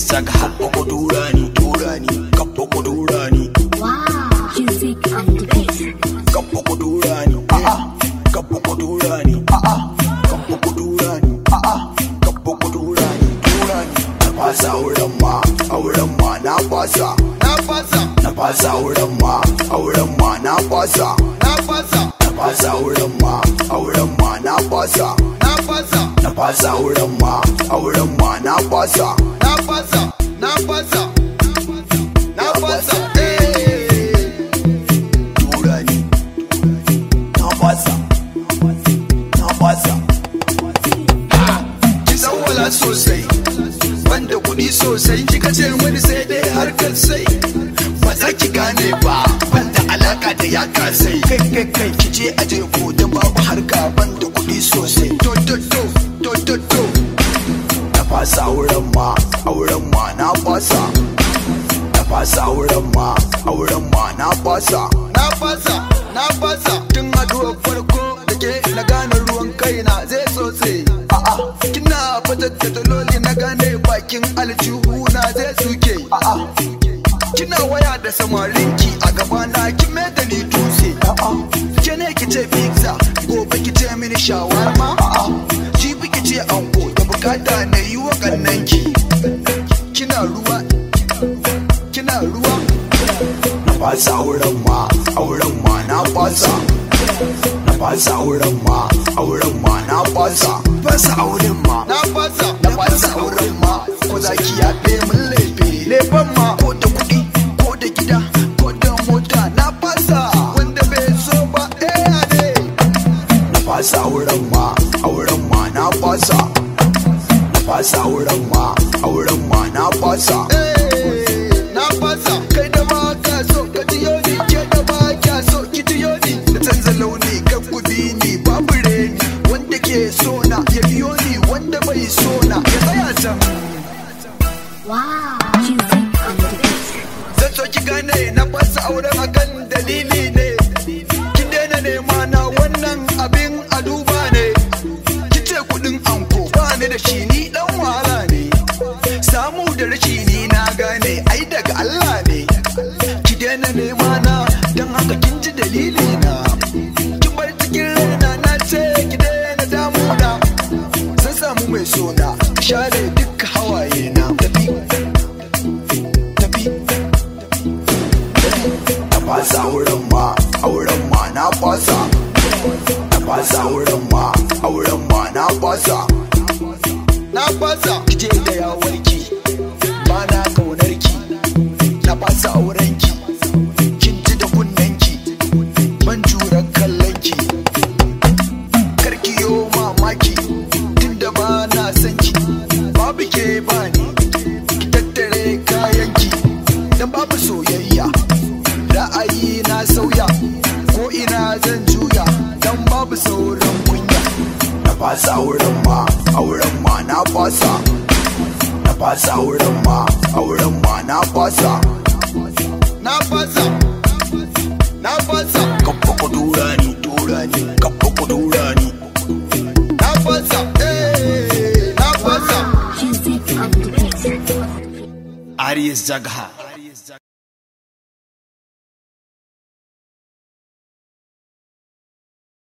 saka habba ko dura ni dura ni kabba ko dura ni music and bass kabba ko dura ni a a kabba ko dura ni a Napasa kabba ko dura ni a a kabba ko dura ni dura ni na fasa auren ma auren ma na fasa na fasa na fasa auren ma auren ma na fasa na fasa na fasa auren ma auren ma na fasa na fasa na fasa auren ma auren ma na fasa walwala sosai banda kuɗi sosai kika ce wani sai dai harkar sai ba za ki gane ba banda alaka da ya kasai kai kai kai ki je aje ko da babu harka banda kuɗi sosai to to to to to to na fasa auren ma auren ma na fasa na fasa auren ma auren ma na fasa na fasa na fasa tun haduwar farko da ke na gane ruwan kaina zai sosai tattaloli na gane bakin aljihu na zai suke kina waya da samarinki a gaba na kin da ni dutse ke ne ki ce pizza gobe ki ce mini shawarma jibi ki ce anko da bukata na yi wa kina ruwa kina ruwa na fasa auren ma auren ma na fasa na fasa auren ma auren ma na fasa fasa auren ma na fasa fasa auren ma auren ma na fasa eh, na fasa kai da ka so ka ke canza launi kan babu reni wanda ke bai so zan so gane na fasa auren akan dalili ne na nema na don haka kin ji dalili na kin bar cikin raina na ce ki daina na. zan samu mai sona share duk hawaye na tafi tafi na fasa wurin ma auren ma na fasa na fasa wurin ma auren ma na fasa baki tunda ba na san ki babu ke ba ni ki tattare kayan ki dan babu soyayya ra'ayi na sauya ko ina zan juya dan babu sauran kunya na fasa auren ma auren ma na fasa na fasa auren ma auren ma na fasa na fasa na fasa kafa kudura इस जगह